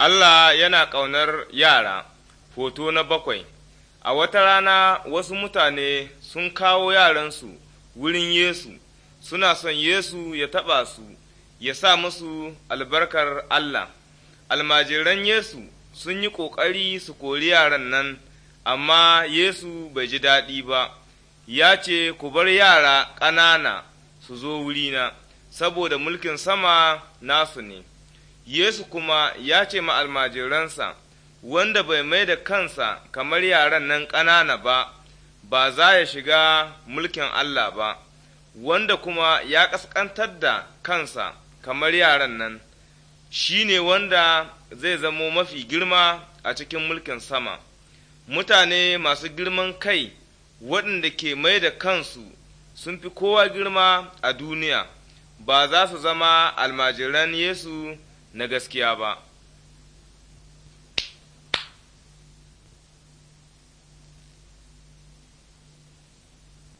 Allah yana ƙaunar yara, hoto na bakwai. A wata rana wasu mutane sun kawo yaransu wurin Yesu, suna son Yesu ya taɓa su, ya sa musu albarkar Allah. Almajiran Yesu sun yi ƙoƙari su kori yaran nan, amma Yesu bai ji daɗi ba, ya ce, Ku bar yara ƙanana su zo wurina, saboda mulkin sama nasu ne. Yesu kuma ya ce ma almajiransa, Wanda bai mai da kansa kamar yaran nan ƙanana ba, ba za ya shiga mulkin Allah ba, wanda kuma ya ƙasƙantar da kansa kamar yaran nan, shi ne wanda zai zamo mafi girma a cikin mulkin sama. Mutane masu girman kai waɗanda ke mai da kansu sun fi kowa girma a duniya, ba za su zama almajiran Yesu. na gaskiya ba